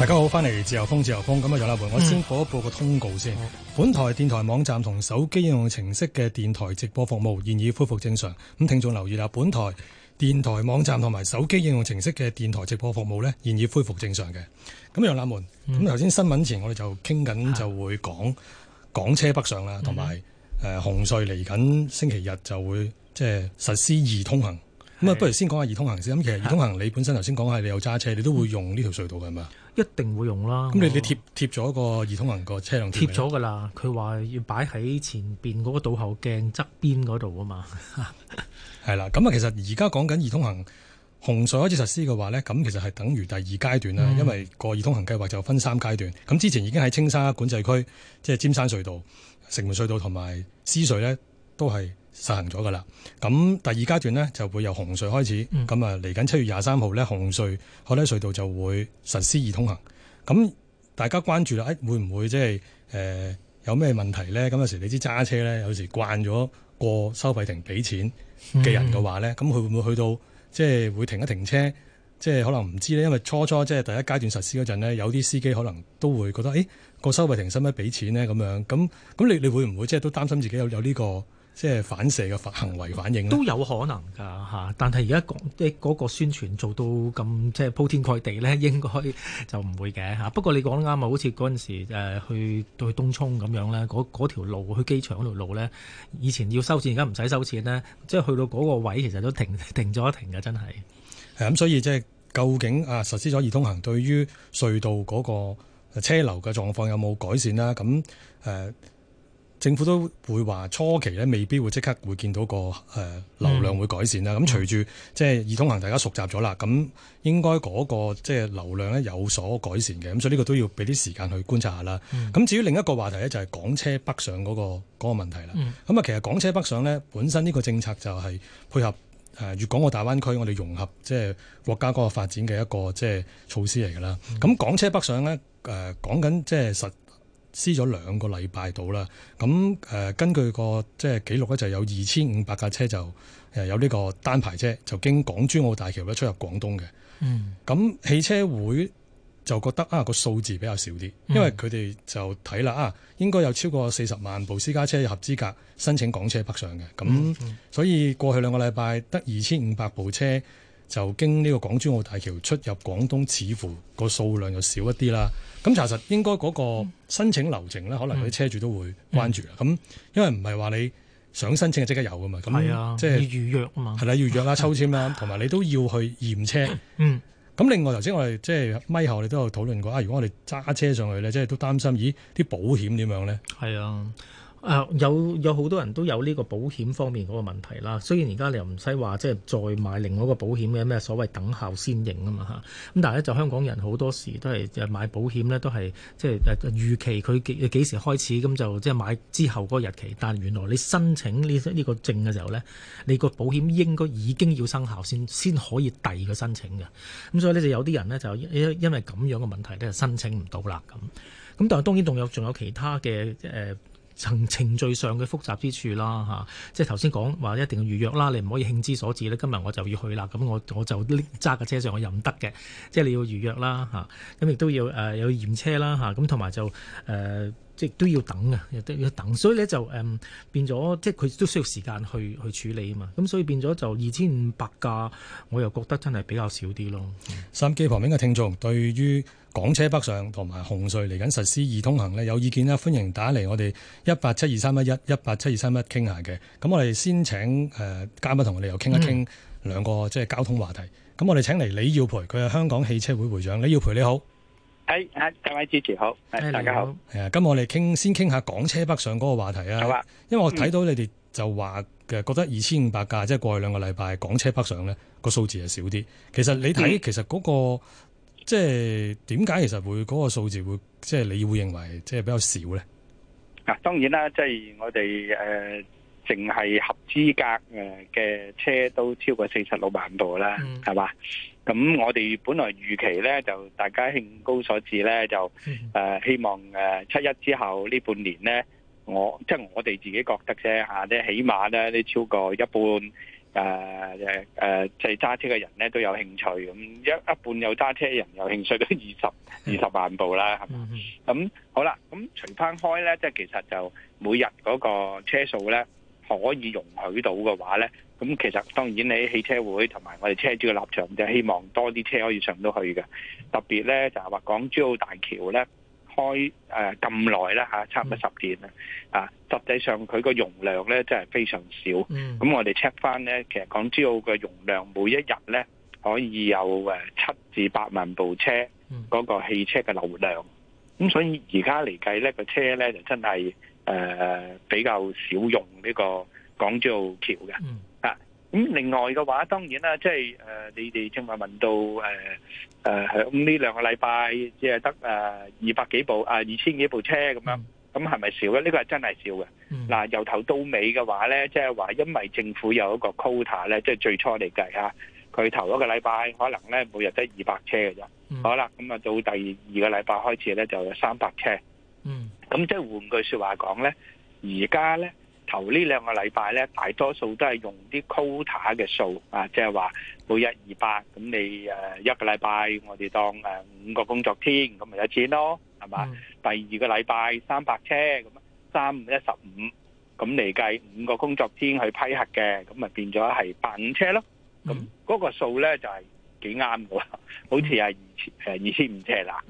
大家好，翻嚟自由風，自由風咁啊！楊立門，我先播一播個通告先。嗯、本台電台網站同手機應用程式嘅電台直播服務現已恢復正常。咁聽眾留意啦，本台電台網站同埋手機應用程式嘅電台直播服務呢，現已恢復正常嘅。咁楊立門，咁頭先新聞前我哋就傾緊，就會講港的車北上啦，同埋誒紅隧嚟緊星期日就會即係實施易通行。咁啊的，不如先講下易通行先。咁其實易通行的你本身頭先講係你有揸車，你都會用呢條隧道噶係嘛？一定會用啦。咁你你貼貼咗個易通行個車輛貼咗㗎啦。佢話要擺喺前邊嗰個倒後鏡側邊嗰度啊嘛？係啦。咁啊，其實而家講緊易通行紅隧開始實施嘅話呢，咁其實係等於第二階段啦。嗯、因為個易通行計劃就分三階段。咁之前已經喺青沙管制區，即係尖山隧道、城門隧道同埋獅隧呢，都係實行咗噶啦。咁第二階段呢，就會由紅隧開始。咁啊、嗯，嚟緊七月廿三號呢，紅隧海底隧道就會實施易通行。咁大家關注啦，誒會唔會即係誒有咩問題呢？咁有時候你知揸車呢，有時慣咗過收費亭俾錢嘅人嘅話呢，咁佢、嗯、會唔會去到即係會停一停車？即係可能唔知呢，因為初初即係第一階段實施嗰陣咧，有啲司機可能都會覺得誒個、欸、收費亭使唔使俾錢呢？」咁樣咁咁，你你會唔會即係都擔心自己有有、這、呢個？即係反射嘅行行為反應都有可能㗎吓。但係而家講即係嗰個宣傳做到咁即係鋪天蓋地咧，應該就唔會嘅吓。不過你講得啱啊，好似嗰陣時誒去去東涌咁樣咧，嗰條路去機場嗰條路咧，以前要收錢，而家唔使收錢咧，即係去到嗰個位其實都停停咗一停㗎，真係。係咁，所以即係究竟啊實施咗易通行，對於隧道嗰個車流嘅狀況有冇改善啦？咁誒？啊政府都會話初期咧未必會即刻會見到個誒流量會改善啦。咁、嗯、隨住即係易通行大家熟習咗啦，咁應該嗰個即係流量咧有所改善嘅。咁所以呢個都要俾啲時間去觀察下啦。咁、嗯、至於另一個話題咧就係港車北上嗰、那個嗰、那個問題啦。咁啊、嗯、其實港車北上咧本身呢個政策就係配合誒粵港澳大灣區，我哋融合即係、就是、國家嗰個發展嘅一個即係措施嚟㗎啦。咁、嗯、港車北上咧誒講緊即係實施咗兩個禮拜到啦，咁根據個即係記錄咧，就有二千五百架車就有呢個單牌車就經港珠澳大橋咧出入廣東嘅。嗯，咁汽車會就覺得啊個數字比較少啲，因為佢哋就睇啦啊，應該有超過四十萬部私家車有合資格申請港車北上嘅。咁、嗯、所以過去兩個禮拜得二千五百部車，就經呢個港珠澳大橋出入廣東，似乎個數量又少一啲啦。咁查實應該嗰個申請流程咧，嗯、可能佢車主都會關注啦。咁、嗯、因為唔係話你想申請就即刻有噶嘛。咁即係要預約啊嘛。係啦，要預約啊抽籤啦，同埋 你都要去驗車。嗯。咁另外頭先我哋即係咪後，你都有討論過啊。如果我哋揸車上去咧，即係都擔心，咦啲保險點樣咧？係啊。啊、呃！有有好多人都有呢個保險方面嗰個問題啦。雖然而家你又唔使話，即係再買另外一個保險嘅咩所謂等效先認啊嘛嚇。咁但係咧，就香港人好多時都係買買保險呢都係即係預預期佢幾幾時開始咁就即係買之後嗰個日期。但原來你申請呢呢個證嘅時候呢，你個保險應該已經要生效先先可以遞個申請嘅。咁所以呢，就有啲人呢，就因，因為為咁樣嘅問題咧，申請唔到啦咁。咁但係當然仲有仲有其他嘅誒。呃程序上嘅複雜之處啦，嚇，即係頭先講話一定要預約啦，你唔可以興之所至咧，今日我就要去啦，咁我我就揸架車上，我又唔得嘅，即係你要預約啦，嚇，咁亦都要誒有驗車啦，嚇，咁同埋就誒。即都要等嘅，亦都要等，所以咧就誒變咗，即係佢都需要時間去去處理啊嘛。咁所以變咗就二千五百架，我又覺得真係比較少啲咯。收音機旁邊嘅聽眾，對於港車北上同埋紅隧嚟緊實施易通行呢，有意見啦，歡迎打嚟我哋一八七二三一一一八七二三一傾下嘅。咁我哋先請誒嘉賓同我哋又傾一傾兩個即係交通話題。咁、嗯、我哋請嚟李耀培，佢係香港汽車會會長。李耀培，你好。各位主持好，Hi, Hi, 大家好。係今日我哋傾先，傾下港車北上嗰個話題啊。好啊吧，因為我睇到你哋就話嘅，覺得二千五百架，嗯、即係過去兩個禮拜港車北上呢個數字係少啲。其實你睇，的其實嗰、那個即係點解，為什麼其實會嗰、那個數字會即係你會認為即係比較少呢？嗱、啊，當然啦，即、就、係、是、我哋誒淨係合資格誒嘅車都超過四十六萬部啦，係嘛、嗯。是吧咁我哋本來預期咧，就大家興高所致咧，就誒、呃、希望誒、呃、七一之後呢半年咧，我即係、就是、我哋自己覺得啫嚇，咧起碼咧，你超過一半誒誒誒即係揸車嘅人咧都有興趣咁，一一半有揸車人有興趣都二十 二十萬部啦，係嘛？咁 好啦，咁除翻開咧，即係其實就每日嗰個車數咧可以容許到嘅話咧。咁其實當然你喺汽車會同埋我哋車主嘅立場就是希望多啲車可以上到去嘅。特別咧就係話港珠澳大橋咧開誒咁耐啦嚇，差唔多十年啦、嗯、啊，實際上佢個容量咧真係非常少。咁、嗯、我哋 check 翻咧，其實港珠澳嘅容量每一日咧可以有誒七至八萬部車嗰個汽車嘅流量。咁所以而家嚟計咧個車咧就真係誒、呃、比較少用呢個港珠澳橋嘅。嗯咁另外嘅話，當然啦，即係誒、呃，你哋正話問到誒誒，咁、呃、呢、呃、兩個禮拜即係得誒二百幾部啊，二千幾部車咁樣，咁係咪少咧？呢、呢個係真係少嘅。嗱、嗯，由頭到尾嘅話咧，即係話因為政府有一個 quota 咧，即係最初嚟計下，佢頭一個禮拜可能咧每日得二百車嘅啫。嗯、好啦，咁啊到第二個禮拜開始咧就有三百車。嗯，咁即係換句說話講咧，而家咧。頭呢兩個禮拜咧，大多數都係用啲 quota 嘅數啊，即係話每日二百，咁你誒一個禮拜我哋當誒五個工作天，咁咪有錢咯，係嘛？嗯、第二個禮拜三百車，咁三五一十五，咁嚟計五個工作天去批核嘅，咁咪變咗係八五車咯。咁嗰個數咧就係幾啱嘅喎，好似係二千誒二千五車 啦。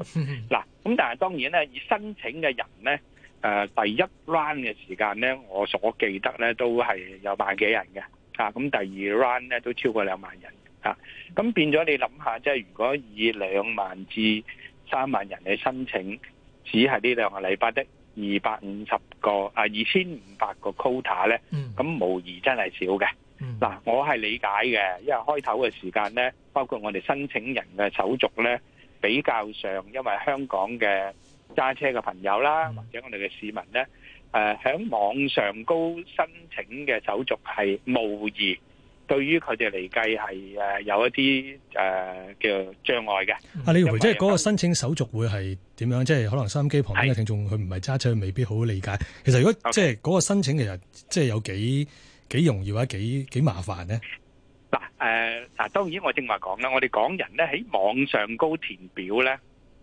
嗱，咁但係當然咧，以申請嘅人咧。誒第一 round 嘅時間咧，我所記得咧都係有萬幾人嘅，啊咁第二 round 咧都超過兩萬人，啊咁變咗你諗下，即係如果以兩萬至三萬人嚟申請，只係呢兩個禮拜的二百五十個啊二千五百個 quota 咧，咁、mm. 無疑真係少嘅。嗱、mm.，我係理解嘅，因為開頭嘅時間咧，包括我哋申請人嘅手續咧，比較上因為香港嘅。揸車嘅朋友啦，或者我哋嘅市民咧，誒喺、嗯呃、網上高申請嘅手續係無疑對於佢哋嚟計係誒有一啲誒、呃、叫障礙嘅。啊，你認為即係嗰個申請手續會係點樣？即係可能收音機旁邊嘅聽眾佢唔係揸車，佢未必好理解。是其實如果即係嗰個申請其實，即係有幾幾容易或者幾幾麻煩咧？嗱誒嗱，當然我正話講啦，我哋港人咧喺網上高填表咧。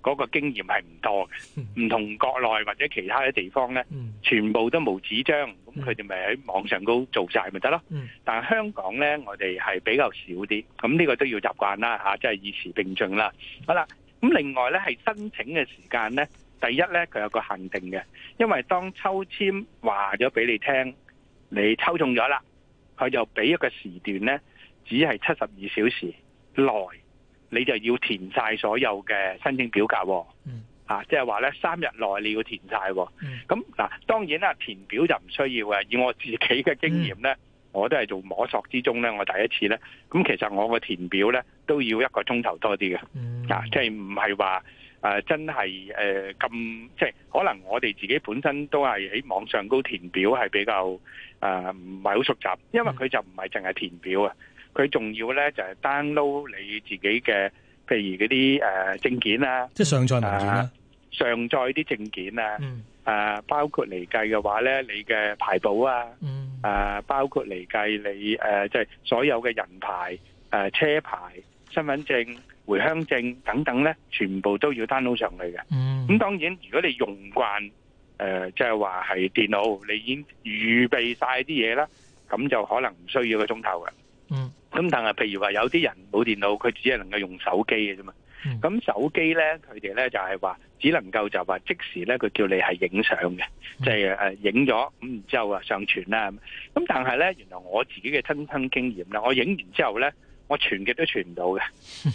嗰個經驗係唔多嘅，唔同國內或者其他嘅地方呢，全部都冇紙張，咁佢哋咪喺網上都做晒咪得咯。但香港呢，我哋係比較少啲，咁呢個都要習慣啦嚇，即係以時並進啦。好啦，咁另外呢係申請嘅時間呢，第一呢，佢有個限定嘅，因為當抽籤話咗俾你聽，你抽中咗啦，佢就俾一個時段呢，只係七十二小時內。你就要填晒所有嘅申請表格，啊，即係話咧三日內你要填晒。咁嗱，當然啦，填表就唔需要嘅。以我自己嘅經驗咧，嗯、我都係做摸索之中咧，我第一次咧，咁、嗯、其實我個填表咧都要一個鐘頭多啲嘅，嗯、啊，即係唔係話誒真係誒咁，即、呃、係、就是、可能我哋自己本身都係喺網上高填表係比較誒唔係好熟習，因為佢就唔係淨係填表啊。佢仲要咧就係、是、download 你自己嘅，譬如嗰啲誒證件啊，即係上載啊，啊，上載啲證件啦、啊，誒、嗯啊、包括嚟計嘅話咧，你嘅牌簿啊，誒、嗯啊、包括嚟計你誒即係所有嘅人牌、誒、呃、車牌、身份證、回鄉證等等咧，全部都要 download 上嚟嘅。咁、嗯、當然如果你用慣誒、呃、就係話係電腦，你已經預備晒啲嘢啦，咁就可能唔需要個鐘頭嘅。咁但係，譬如話有啲人冇電腦，佢只係能夠用手機嘅啫嘛。咁、嗯、手機咧，佢哋咧就係話，只能夠就話即時咧，佢叫你係影相嘅，即係誒影咗，咁然之後啊上傳啦。咁但係咧，原來我自己嘅親身經驗啦，我影完之後咧，我傳極都傳唔到嘅。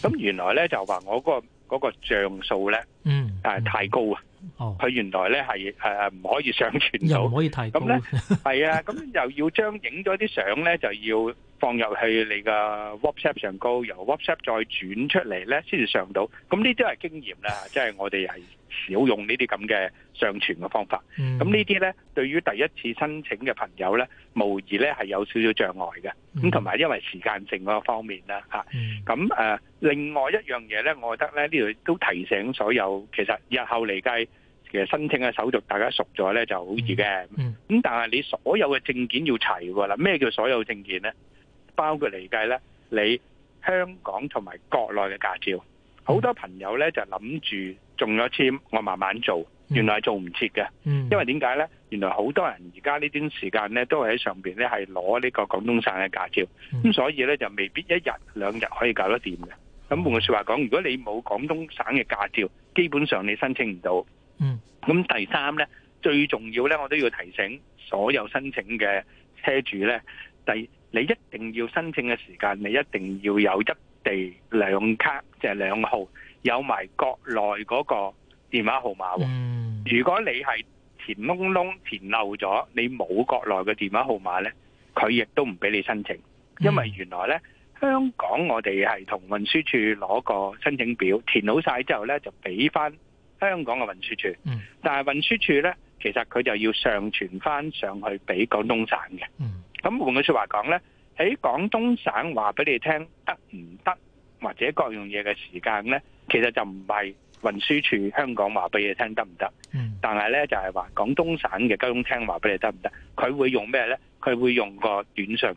咁、嗯、原來咧就話我嗰個嗰個像素咧，嗯、呃，但係太高啊。佢、哦、原來咧係誒唔可以上傳到，又唔可以睇。咁咧係啊，咁又要將影咗啲相咧，就要放入去你個 WhatsApp 上高，由 WhatsApp 再轉出嚟咧先至上到。咁呢啲都係經驗啦，即係 我哋係。少用呢啲咁嘅上傳嘅方法，咁呢啲呢，對於第一次申請嘅朋友呢，無疑呢係有少少障礙嘅。咁同埋因為時間性嗰個方面啦，嚇咁誒。另外一樣嘢呢，我覺得呢呢度都提醒所有其實日後嚟計嘅申請嘅手續，大家熟咗呢就好易嘅。咁、嗯嗯、但係你所有嘅證件要齊啦。咩叫所有證件呢？包括嚟計呢，你香港同埋國內嘅駕照好、嗯、多朋友呢，就諗住。仲有簽，我慢慢做。原來係做唔切嘅。嗯、因為點解咧？原來好多人而家呢段時間咧，都係喺上邊咧，係攞呢個廣東省嘅駕照。咁、嗯、所以咧，就未必一日兩日可以搞得掂嘅。咁換句話說話講，如果你冇廣東省嘅駕照，基本上你申請唔到。嗯。咁第三咧，最重要咧，我都要提醒所有申請嘅車主咧，第你一定要申請嘅時間，你一定要有一地兩卡，即、就、係、是、兩號。有埋國內嗰個電話號碼喎。Mm. 如果你係填窿窿填漏咗，你冇國內嘅電話號碼呢，佢亦都唔俾你申請，因為原來呢，香港我哋係同運輸署攞個申請表填好晒之後呢，就俾翻香港嘅運輸署。Mm. 但係運輸署呢，其實佢就要上傳翻上去俾廣東省嘅。咁換、mm. 句說話講呢，喺廣東省話俾你聽得唔得，或者各樣嘢嘅時間呢。其實就唔係運輸處香港話俾你聽得唔得，嗯、但係呢就係話廣東省嘅交通廳話俾你得唔得？佢會用咩呢？佢會用個短信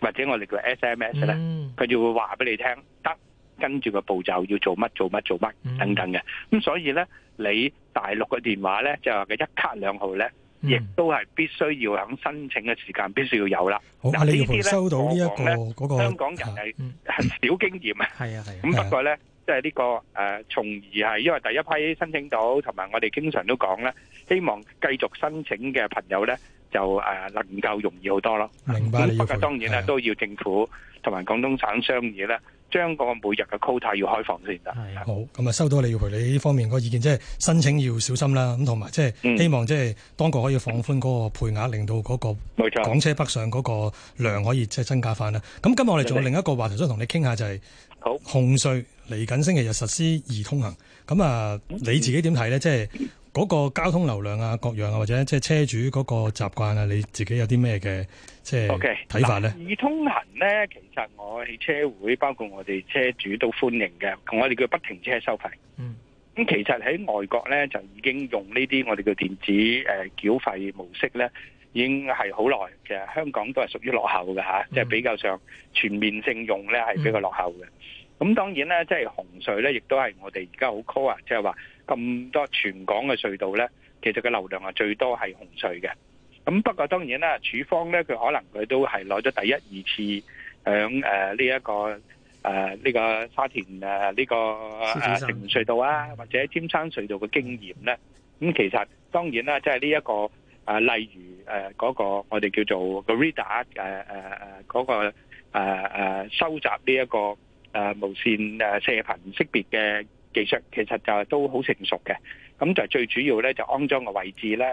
或者我哋叫 S M S 呢，佢、嗯、就會話俾你聽得跟住個步驟要做乜做乜做乜、嗯、等等嘅。咁、嗯、所以呢，你大陸嘅電話呢，就話嘅一卡兩號呢，亦、嗯、都係必須要肯申請嘅時間，必須要有啦。好，呢啲收到、這個、呢一、那個嗰香港人係少經驗、嗯、啊，係啊係咁、啊、不過呢。即係呢個誒，從而係因為第一批申請到，同埋我哋經常都講咧，希望繼續申請嘅朋友咧，就、呃、能夠容易好多咯。明白。咁不過當然咧，都要政府同埋廣東省商議咧，將個每日嘅 quota 要開放先啦。係啊。好，咁啊，收到你耀培你呢方面個意見，即係申請要小心啦。咁同埋即係希望即係當局可以放寬嗰個配額，令到嗰個港車北上嗰個量可以即係增加翻啦。咁錯今日我哋仲有另一個話題想同你傾下，就係紅隧。好嚟緊星期日實施易通行，咁啊你自己點睇咧？即係嗰個交通流量啊，各樣啊，或者即係車主嗰個習慣啊，你自己有啲咩嘅即係睇法咧？Okay. 易通行咧，其實我汽車會包括我哋車主都歡迎嘅，同我哋叫不停車收費。嗯，咁其實喺外國咧就已經用呢啲我哋叫電子誒繳、呃、費模式咧，已經係好耐嘅。其實香港都係屬於落後嘅嚇、嗯啊，即係比較上全面性用咧係比較落後嘅。嗯。咁當然咧，即係洪隧咧，亦都係我哋而家好 core，即係話咁多全港嘅隧道咧，其實嘅流量啊最多係洪隧嘅。咁不過當然啦，柱方咧佢可能佢都係攞咗第一二次響誒呢一個誒呢、啊這個沙田誒呢個城隧道啊，或者尖山隧道嘅經驗咧。咁、嗯、其實當然啦，即係呢一個啊，例如誒嗰、啊那個我哋叫做、er, 啊啊那個雷 a 誒誒誒嗰個誒誒收集呢、這、一個。誒無線誒射頻識別嘅技術其實就都好成熟嘅，咁就最主要咧就安裝嘅位置呢，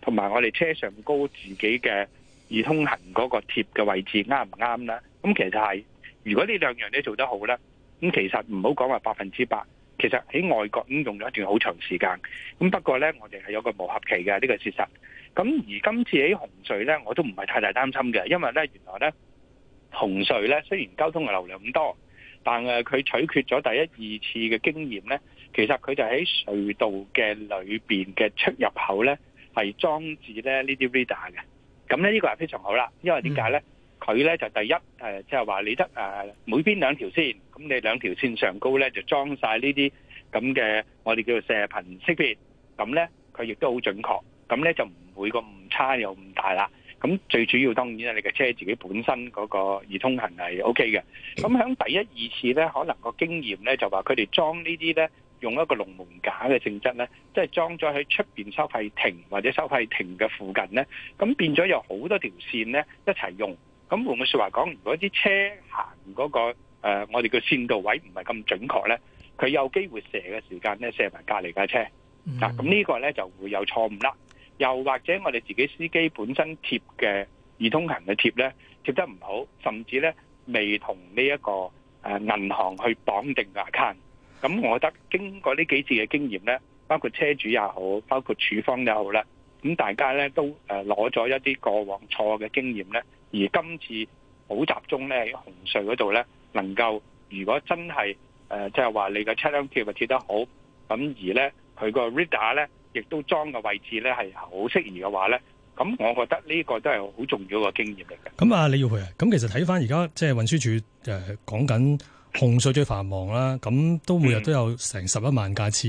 同埋我哋車上高自己嘅易通行嗰個貼嘅位置啱唔啱啦？咁其實係如果呢兩樣咧做得好咧，咁其實唔好講話百分之百，其實喺外國已經用咗一段好長時間，咁不過咧我哋係有個磨合期嘅呢個事實。咁而今次喺紅隧咧，我都唔係太大擔心嘅，因為咧原來咧紅隧咧雖然交通嘅流量咁多。但係佢取決咗第一二次嘅經驗呢，其實佢就喺隧道嘅裏邊嘅出入口呢，係裝置呢啲 reader 嘅。咁呢呢個係非常好啦，因為點解呢？佢呢就第一誒，即係話你得每邊兩條線，咁你兩條線上高呢，就裝晒呢啲咁嘅我哋叫做射頻識別。咁呢，佢亦都好準確，咁呢，就唔會個誤差又唔大啦。咁最主要當然係你嘅車自己本身嗰個易通行係 OK 嘅。咁喺第一二次呢，可能個經驗呢就話佢哋裝呢啲呢，用一個龍門架嘅性質呢，即係裝咗喺出面收費亭或者收費亭嘅附近呢，咁變咗有好多條線呢一齊用。咁換句說話講，如果啲車行嗰個、呃、我哋叫線道位唔係咁準確呢，佢有機會射嘅時間呢，射埋隔離架車嗱，咁呢個呢就會有錯誤啦。又或者我哋自己司機本身貼嘅易通行嘅貼呢，貼得唔好，甚至呢未同呢一個誒銀行去綁定 account。咁我覺得經過呢幾次嘅經驗呢，包括車主也好，包括處方也好啦，咁大家呢都攞咗一啲過往錯嘅經驗呢。而今次好集中呢喺紅隧嗰度呢，能夠如果真係誒即係話你嘅車輛貼貼得好，咁而呢，佢個 reader 呢亦都裝嘅位置咧，係好適宜嘅話咧，咁我覺得呢個都係好重要嘅經驗嚟嘅。咁啊，李耀培，咁其實睇翻而家即係運輸署誒講緊紅隧最繁忙啦，咁都每日都有成十一萬架次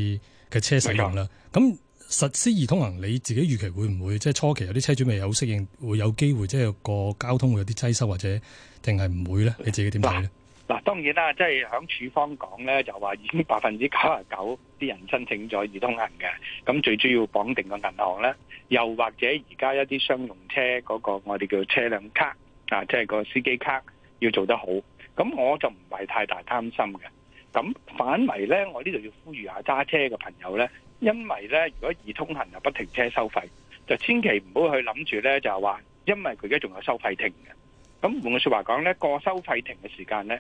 嘅車使用啦。咁、嗯、實施易通行，你自己預期會唔會即係初期有啲車主未有適應，會有機會即係個交通會有啲擠塞或者定係唔會咧？你自己點睇咧？嗱，當然啦，即係響處方講呢，就話已經百分之九十九啲人申請咗易通行嘅。咁最主要綁定個銀行呢，又或者而家一啲商用車嗰個我哋叫車輛卡啊，即係個司機卡要做得好。咁我就唔係太大擔心嘅。咁反為呢，我呢度要呼籲一下揸車嘅朋友呢，因為呢，如果易通行又不停車收費，就千祈唔好去諗住呢，就係話，因為佢而家仲有收費亭嘅。咁換句説話講呢，過收費亭嘅時間呢。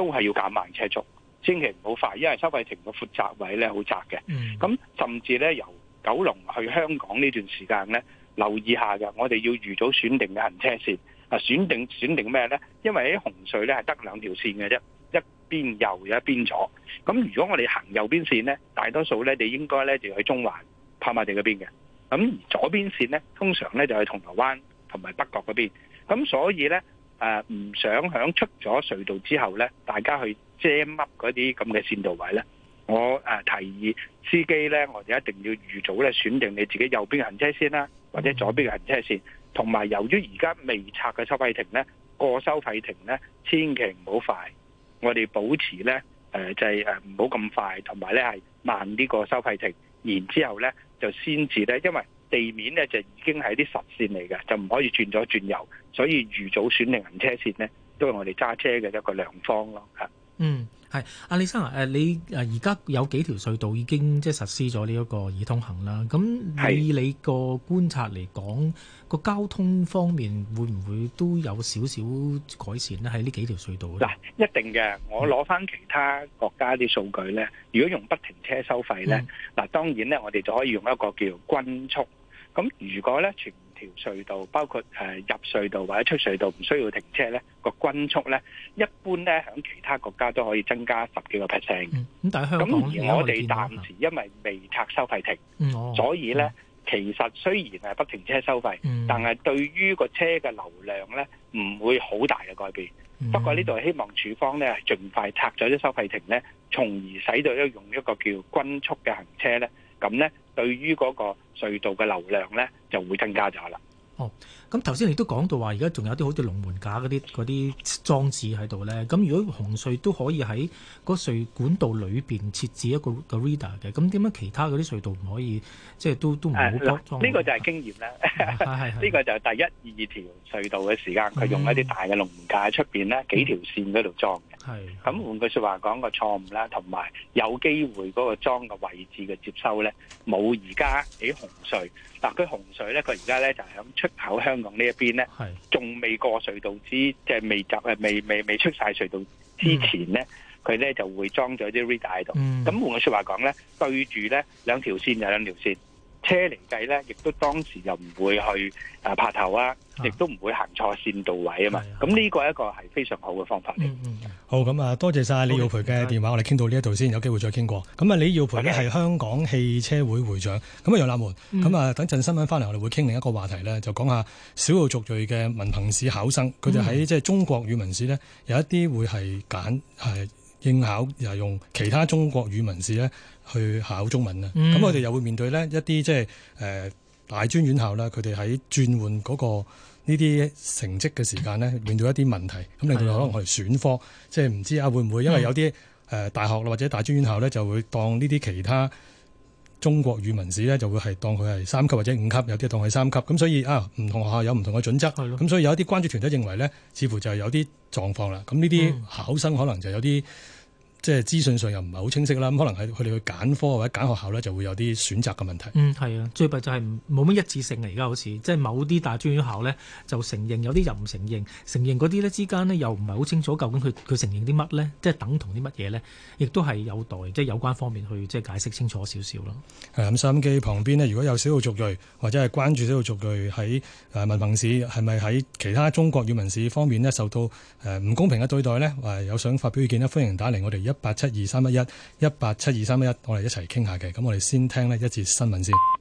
都係要減慢車速，千祈唔好快，因為收費亭個闊窄位咧好窄嘅。咁、嗯、甚至咧由九龍去香港呢段時間咧，留意一下嘅，我哋要預早選定嘅行車線。啊，選定選定咩咧？因為喺紅隧咧係得兩條線嘅啫，一邊右，有一邊左。咁如果我哋行右邊線咧，大多數咧你應該咧就去中環、跑馬地嗰邊嘅。咁而左邊線咧，通常咧就去銅鑼灣同埋北角嗰邊。咁所以咧。誒唔想響出咗隧道之後呢，大家去遮乜嗰啲咁嘅線道位呢。我誒提議司機呢，我哋一定要預早呢，選定你自己右邊嘅行車線啦、啊，或者左邊嘅行車線，同埋由於而家未拆嘅收費亭呢，過收費亭呢千祈唔好快，我哋保持呢，誒、呃、就係唔好咁快，同埋呢係慢啲過收費亭，然之後呢，就先至呢，因為。地面咧就已經係啲實線嚟嘅，就唔可以轉左轉右，所以預早選定行車線呢，都係我哋揸車嘅一個良方咯。嚇，嗯，係，阿李生啊，誒、呃，你誒而家有幾條隧道已經即係實施咗呢一個易通行啦？咁喺你個是觀察嚟講，個交通方面會唔會都有少少改善呢？喺呢幾條隧道嗱，一定嘅。我攞翻其他國家啲數據呢，如果用不停車收費呢，嗱、嗯、當然呢，我哋就可以用一個叫均速。咁如果咧，全條隧道包括入隧道或者出隧道唔需要停車咧，個均速咧，一般咧喺其他國家都可以增加十幾個 percent。咁、嗯、但係而我哋暫時因為未拆收費亭，嗯哦、所以咧，其實雖然係不停車收費，嗯、但係對於個車嘅流量咧，唔會好大嘅改變。嗯、不過呢度希望處方咧，盡快拆咗啲收費亭咧，從而使到用一個叫均速嘅行車咧。咁咧，對於嗰個隧道嘅流量咧，就會增加咗啦。哦，咁頭先你都講到話，而家仲有啲好似龍門架嗰啲嗰啲裝置喺度咧。咁如果紅隧都可以喺嗰隧道裏面設置一個嘅 reader 嘅，咁點解其他嗰啲隧道唔可以？即係都都唔好裝嗱，呢、啊呢個就係經驗啦。呢、啊、個就係第一二條隧道嘅時間，佢、嗯、用一啲大嘅龍門架喺出面咧，幾條線嗰度裝。嗯係，咁是換句說話講個錯誤啦，同埋有，有機會嗰個裝嘅位置嘅接收咧，冇而家喺紅隧。嗱，佢紅隧咧，佢而家咧就係喺出口香港呢一邊咧，仲未是過隧道之，即係未集誒未未未出晒隧道之前咧，佢咧、嗯、就會裝咗啲 reader 喺度。咁、嗯、換句說話講咧，對住咧兩條線就兩條線。車齡計呢，亦都當時又唔會去拍、啊、頭啊，亦都唔會行錯線到位啊嘛。咁呢、啊、個一個係非常好嘅方法嚟。嗯嗯、好咁啊、嗯，多謝晒李耀培嘅電話，我哋傾到呢一度先，有機會再傾過。咁啊，李耀培呢係香港汽車會會長。咁、嗯、啊，楊立門。咁啊、嗯，嗯、等陣新聞翻嚟，我哋會傾另一個話題呢。就講下少數族裔嘅文憑試考生，佢哋喺即係中國語文試呢，有一啲會係揀係應考又係用其他中國語文試呢。去考中文啊！咁我哋又會面對呢一啲即係誒大專院校啦，佢哋喺轉換嗰個呢啲成績嘅時間咧，面對一啲問題。咁令到可能佢哋去選科，是的即係唔知啊會唔會因為有啲誒、呃、大學或者大專院校呢，就會當呢啲其他中國語文試呢，就會係當佢係三級或者五級，有啲當係三級。咁所以啊，唔同學校有唔同嘅準則。咁的所以有一啲關注團體認為呢，似乎就有啲狀況啦。咁呢啲考生可能就有啲。嗯即係資訊上又唔係好清晰啦，咁可能係佢哋去揀科或者揀學校呢，就會有啲選擇嘅問題。嗯，係啊，最弊就係冇乜一致性嚟，而家好似即係某啲大專院校呢，就承認，有啲又唔承認，承認嗰啲呢之間呢，又唔係好清楚，究竟佢佢承認啲乜呢，即係等同啲乜嘢呢，亦都係有待即係、就是、有關方面去即係解釋清楚少少咯。係咁，收音機旁邊呢，如果有少數族裔，或者係關注少數族裔喺誒文憑試，係咪喺其他中國語文試方面呢，受到誒唔、呃、公平嘅對待呢？或者有想發表意見咧，歡迎打嚟我哋 1, 1, 一八七二三一一，一八七二三一一，我哋一齊傾下嘅。咁我哋先聽呢一節新聞先。